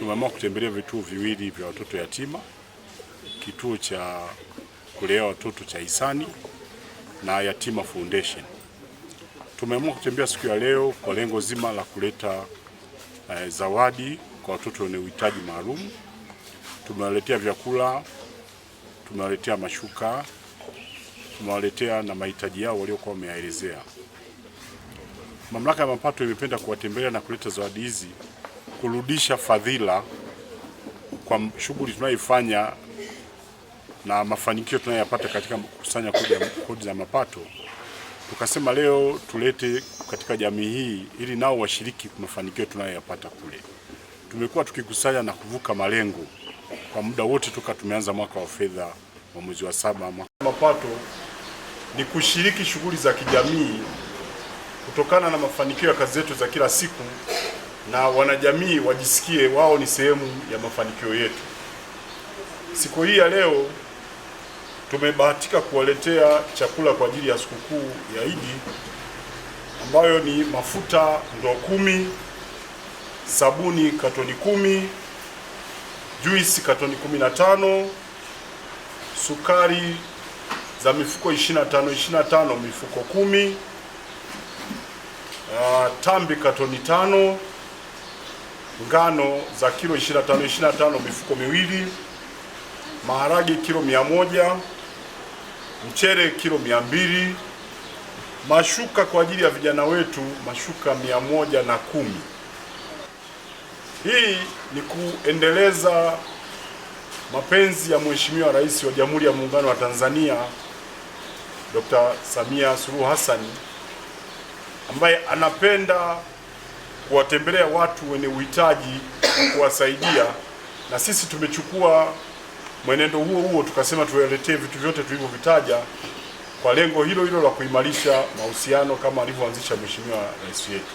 tumeamua kutembelea vituo viwili vya watoto yatima, kituo cha kulea watoto cha Hisani na Yatima Foundation. Tumeamua kutembea siku ya leo kwa lengo zima la kuleta eh, zawadi kwa watoto wenye uhitaji maalum. Tumewaletea vyakula, tumewaletea mashuka, tumewaletea na mahitaji yao waliokuwa wameyaelezea. Mamlaka ya mapato imependa kuwatembelea na kuleta zawadi hizi kurudisha fadhila kwa shughuli tunayoifanya na mafanikio tunayoyapata katika kukusanya kodi za mapato, tukasema leo tulete katika jamii hii ili nao washiriki mafanikio tunayoyapata kule. Tumekuwa tukikusanya na kuvuka malengo kwa muda wote toka tumeanza mwaka wa fedha wa mwezi wa saba. Mapato ni kushiriki shughuli za kijamii kutokana na mafanikio ya kazi zetu za kila siku na wanajamii wajisikie wao ni sehemu ya mafanikio yetu. Siku hii ya leo tumebahatika kuwaletea chakula kwa ajili ya sikukuu ya Idi ambayo ni mafuta ndoo kumi, sabuni katoni kumi, juisi katoni kumi na tano sukari za mifuko 25 25 mifuko kumi, uh, tambi katoni tano ngano za kilo 25 25 mifuko miwili, maharage kilo 100, mchere kilo 200, mashuka kwa ajili ya vijana wetu mashuka 110. Hii ni kuendeleza mapenzi ya Mheshimiwa Rais wa Jamhuri ya Muungano wa Tanzania Dr. Samia Suluhu Hassan ambaye anapenda kuwatembelea watu wenye uhitaji, kuwasaidia. Na sisi tumechukua mwenendo huo huo, tukasema tuwaletee vitu vyote tulivyovitaja kwa lengo hilo hilo la kuimarisha mahusiano kama alivyoanzisha Mheshimiwa Rais wetu.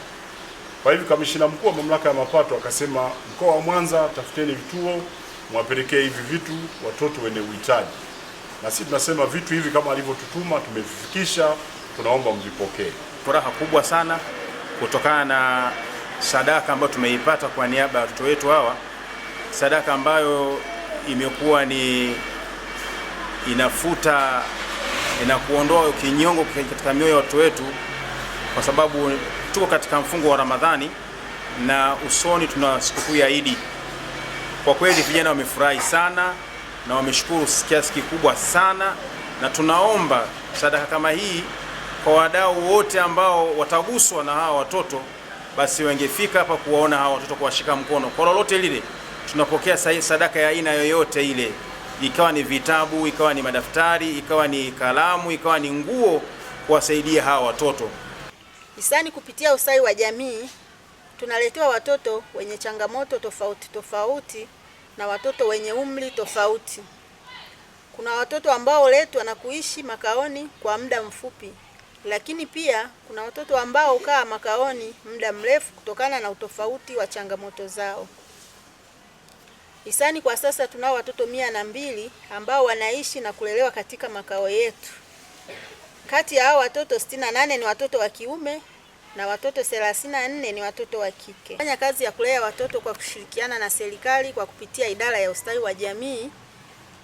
Kwa hivyo, kamishina mkuu wa mamlaka ya mapato akasema, mkoa wa Mwanza, tafuteni vituo mwapelekee hivi vitu watoto wenye uhitaji. Na sisi tunasema vitu hivi kama alivyotutuma tumevifikisha, tunaomba mvipokee. Furaha kubwa sana kutokana na sadaka ambayo tumeipata kwa niaba ya watoto wetu hawa, sadaka ambayo imekuwa ni inafuta na kuondoa kinyongo katika mioyo ya watoto wetu, kwa sababu tuko katika mfungo wa Ramadhani na usoni tuna sikukuu ya Idi. Kwa kweli vijana wamefurahi sana na wameshukuru kiasi kikubwa sana, na tunaomba sadaka kama hii kwa wadau wote ambao wataguswa na hawa watoto basi wangefika hapa kuwaona hawa watoto, kuwashika mkono. Kwa lolote lile, tunapokea sadaka ya aina yoyote ile, ikawa ni vitabu, ikawa ni madaftari, ikawa ni kalamu, ikawa ni nguo, kuwasaidia hawa watoto. Hisani kupitia ustawi wa jamii tunaletewa watoto wenye changamoto tofauti tofauti na watoto wenye umri tofauti. Kuna watoto ambao letwa na kuishi makaoni kwa muda mfupi lakini pia kuna watoto ambao hukaa makaoni muda mrefu kutokana na utofauti wa changamoto zao. Hisani kwa sasa tunao watoto mia na mbili ambao wanaishi na kulelewa katika makao yetu. Kati ya hao watoto 68 ni watoto wa kiume na watoto nne ni watoto wa kike. Fanya kazi ya kulea watoto kwa kushirikiana na serikali kwa kupitia idara ya ustawi wa jamii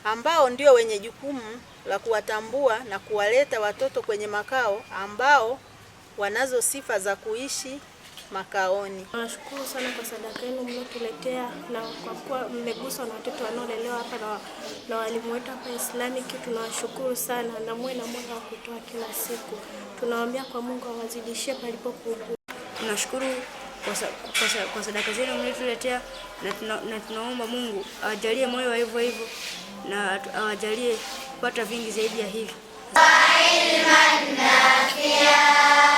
ambao ndio wenye jukumu la kuwatambua na kuwaleta watoto kwenye makao ambao wanazo sifa za kuishi makaoni. Nashukuru sana kwa sadaka yenu mliotuletea, na kwa kuwa mmeguswa na watoto wanaolelewa hapa na, na walimu wetu hapa Islamic. Tunawashukuru sana na muwe na moyo wa kutoa kila siku. Tunawaambia kwa Mungu awazidishie palipopungua. Tunashukuru kwa, kwa, kwa sadaka zenu mliotuletea na, tuna, na tunaomba Mungu awajalie moyo wa hivyo hivyo na awajalie kupata vingi zaidi ya hivi. nafia.